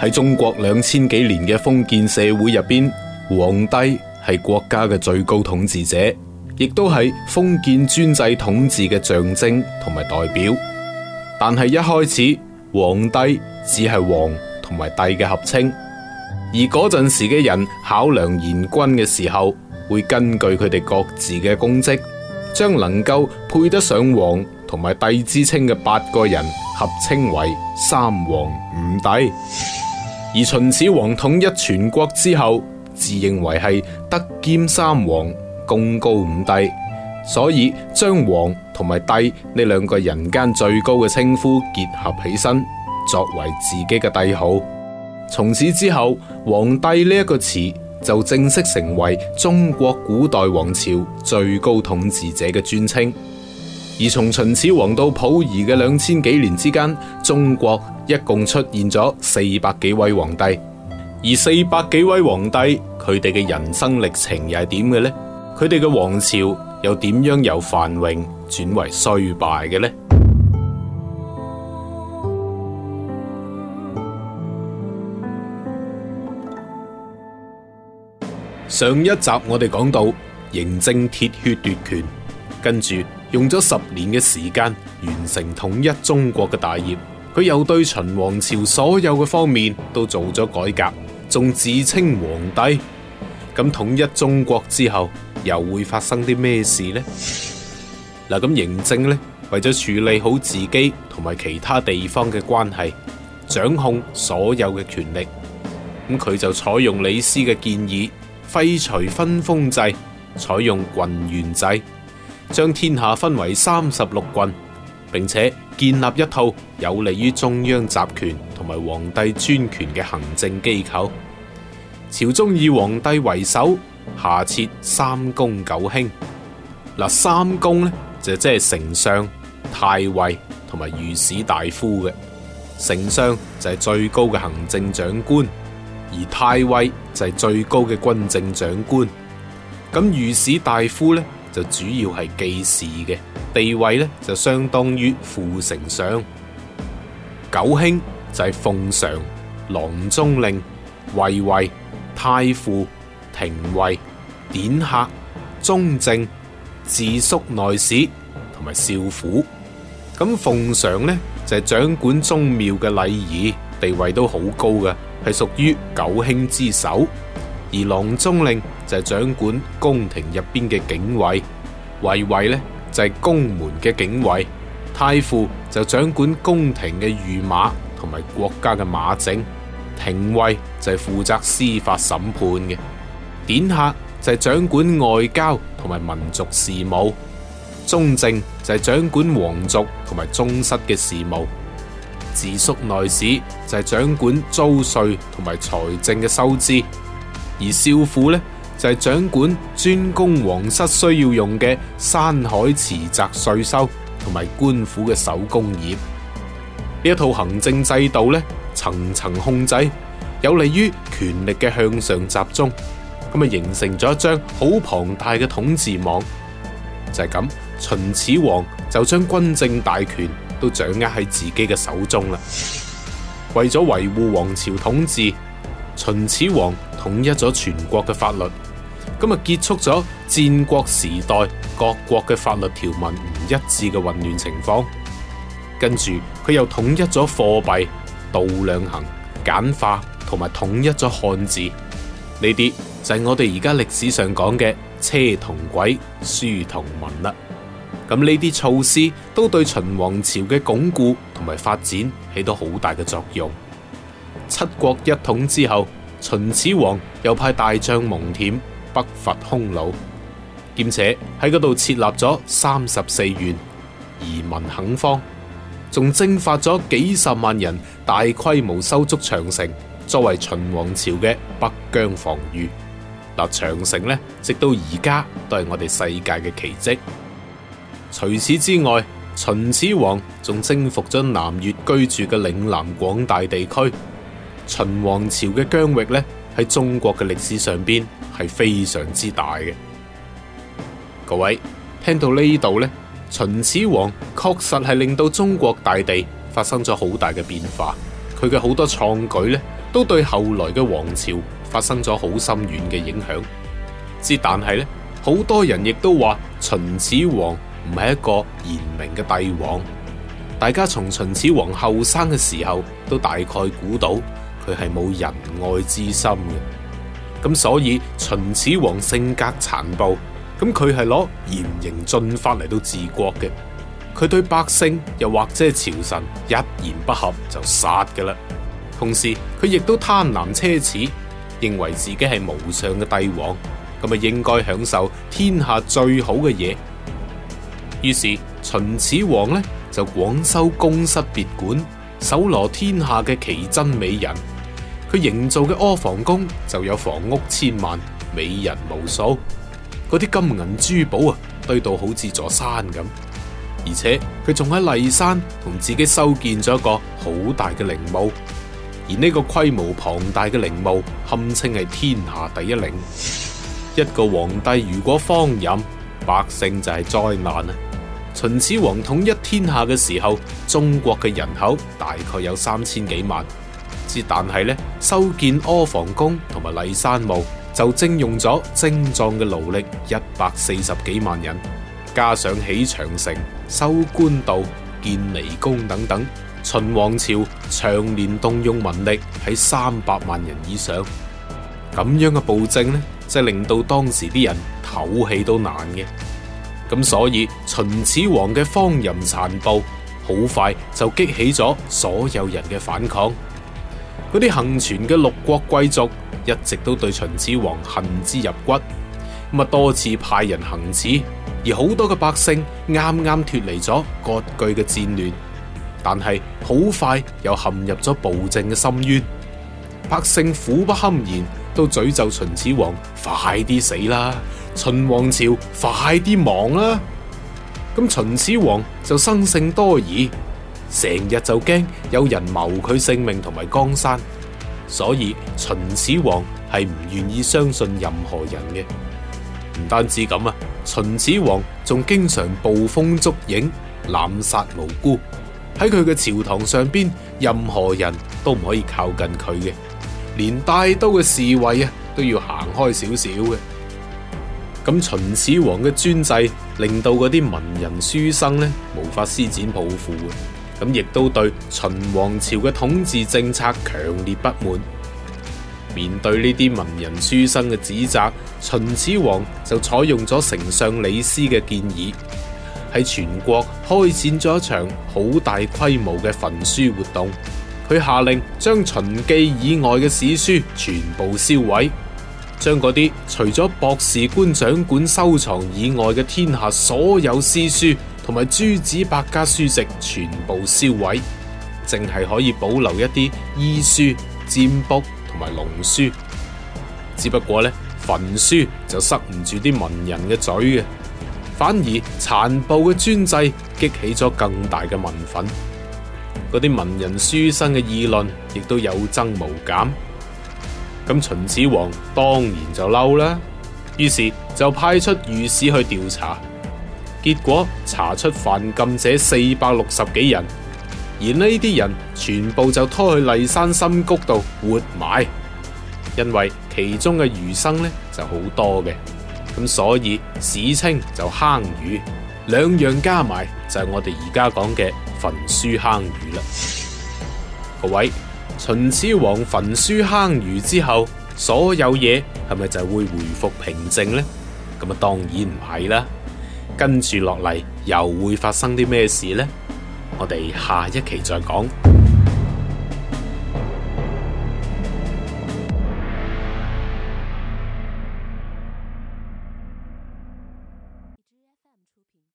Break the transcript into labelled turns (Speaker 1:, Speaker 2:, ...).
Speaker 1: 喺中國兩千幾年嘅封建社會入邊，皇帝係國家嘅最高統治者，亦都係封建專制統治嘅象徵同埋代表。但係一開始，皇帝只係皇同埋帝嘅合稱，而嗰陣時嘅人考量賢君嘅時候，會根據佢哋各自嘅功績，將能夠配得上皇同埋帝之稱嘅八個人合稱為三皇五帝。而秦始皇統一全國之後，自認為係德兼三皇，功高五帝，所以將皇同埋帝呢兩個人間最高嘅稱呼結合起身，作為自己嘅帝號。從此之後，皇帝呢一個詞就正式成為中國古代王朝最高統治者嘅尊稱。而從秦始皇到溥儀嘅兩千幾年之間，中國一共出現咗四百幾位皇帝。而四百幾位皇帝，佢哋嘅人生歷程又係點嘅呢？佢哋嘅王朝又點樣由繁榮轉為衰敗嘅呢？上一集我哋講到嬴政鐵血奪權，跟住。用咗十年嘅時間完成統一中國嘅大業，佢又對秦王朝所有嘅方面都做咗改革，仲自稱皇帝。咁統一中國之後，又會發生啲咩事呢？嗱，咁嬴政呢，為咗處理好自己同埋其他地方嘅關係，掌控所有嘅權力，咁佢就採用李斯嘅建議，廢除分封制，採用郡縣制。將天下分為三十六郡，並且建立一套有利於中央集權同埋皇帝專權嘅行政機構。朝中以皇帝為首，下設三公九卿。嗱，三公呢，就即係丞相、太尉同埋御史大夫嘅。丞相就係最高嘅行政長官，而太尉就係最高嘅軍政長官。咁御史大夫呢？就主要係記事嘅，地位呢就相當於副丞相。九卿就係奉常、郎中令、衛尉、太傅、廷尉、典客、宗正、治粟內史同埋少府。咁奉常呢，就係、是、掌管宗廟嘅禮儀，地位都好高嘅，係屬於九卿之首。而郎中令。就係、是、掌管宮廷入邊嘅警衛，衛衛呢，就係、是、宮門嘅警衛，太傅就掌管宮廷嘅御馬同埋國家嘅馬政；廷尉就係負責司法審判嘅，典客就係掌管外交同埋民族事務，宗正就係掌管皇族同埋宗室嘅事務，治粟內史就係掌管租稅同埋財政嘅收支，而少府呢。就係掌管專供皇室需要用嘅山海池澤稅收同埋官府嘅手工業。呢一套行政制度呢，層層控制，有利於權力嘅向上集中，咁啊形成咗一張好龐大嘅統治網。就係、是、咁，秦始皇就將軍政大權都掌握喺自己嘅手中啦。為咗維護王朝統治，秦始皇。統一咗全國嘅法律，咁啊結束咗戰國時代各國嘅法律條文唔一致嘅混亂情況。跟住佢又統一咗貨幣、度量衡、簡化同埋統一咗漢字。呢啲就係我哋而家歷史上講嘅車同軌、書同文啦。咁呢啲措施都對秦王朝嘅鞏固同埋發展起到好大嘅作用。七國一統之後。秦始皇又派大將蒙恬北伐匈奴，兼且喺嗰度設立咗三十四縣移民墾荒，仲徵發咗幾十萬人大規模修築長城，作為秦王朝嘅北疆防禦。嗱，長城呢，直到而家都係我哋世界嘅奇跡。除此之外，秦始皇仲征服咗南越居住嘅嶺南廣大地區。秦王朝嘅疆域呢，喺中國嘅歷史上邊係非常之大嘅。各位聽到呢度呢，秦始皇確實係令到中國大地發生咗好大嘅變化，佢嘅好多創舉呢，都對後來嘅王朝發生咗好深遠嘅影響。之但係呢，好多人亦都話秦始皇唔係一個賢明嘅帝王。大家從秦始皇後生嘅時候都大概估到。佢係冇仁愛之心嘅，咁所以秦始皇性格殘暴，咁佢係攞嚴刑峻法嚟到治國嘅，佢對百姓又或者朝臣一言不合就殺噶啦。同時佢亦都貪婪奢侈，認為自己係無上嘅帝王，咁啊應該享受天下最好嘅嘢。於是秦始皇呢，就廣修宮室別館，搜羅天下嘅奇珍美人。佢營造嘅阿房宮就有房屋千萬，美人無數，嗰啲金銀珠寶啊堆到好似座山咁，而且佢仲喺驪山同自己修建咗一個好大嘅陵墓，而呢個規模龐大嘅陵墓堪稱係天下第一陵。一個皇帝如果荒淫，百姓就係災難。秦始皇統一天下嘅時候，中國嘅人口大概有三千幾萬。但係咧，修建阿房宮同埋驪山墓就徵用咗精壯嘅勞力一百四十幾萬人，加上起長城、修官道、建離宮等等，秦王朝長年動用民力喺三百萬人以上。咁樣嘅暴政咧，即係令到當時啲人唞氣都難嘅。咁所以秦始皇嘅荒淫殘暴，好快就激起咗所有人嘅反抗。嗰啲倖存嘅六國貴族一直都對秦始皇恨之入骨，咁啊多次派人行刺，而好多嘅百姓啱啱脫離咗割據嘅戰亂，但係好快又陷入咗暴政嘅深淵，百姓苦不堪言，都詛咒秦始皇快啲死啦，秦王朝快啲亡啦。咁秦始皇就生性多疑。成日就驚有人謀佢性命同埋江山，所以秦始皇係唔願意相信任何人嘅。唔單止咁啊，秦始皇仲經常捕風捉影、濫殺無辜。喺佢嘅朝堂上邊，任何人都唔可以靠近佢嘅，連帶刀嘅侍衛啊都要行開少少嘅。咁秦始皇嘅專制令到嗰啲文人書生呢，無法施展抱負啊。咁亦都對秦王朝嘅統治政策強烈不滿。面對呢啲文人書生嘅指責，秦始皇就採用咗丞相李斯嘅建議，喺全國開展咗一場好大規模嘅焚書活動。佢下令將秦記以外嘅史書全部銷毀，將嗰啲除咗博士官掌管收藏以外嘅天下所有詩書。同埋諸子百家書籍全部銷毀，淨係可以保留一啲醫書、占卜同埋農書。只不過呢，焚書就塞唔住啲文人嘅嘴嘅，反而殘暴嘅專制激起咗更大嘅民憤。嗰啲文人書生嘅議論亦都有增無減。咁秦始皇當然就嬲啦，於是就派出御史去調查。結果查出犯禁者四百六十幾人，而呢啲人全部就拖去驪山深谷度活埋，因為其中嘅儒生呢就好多嘅，咁所以史稱就坑儒，兩樣加埋就係我哋而家講嘅焚書坑儒啦。各位，秦始皇焚書坑儒之後，所有嘢係咪就會回復平靜呢？咁啊，當然唔係啦。跟住落嚟，又會發生啲咩事呢？我哋下一期再講。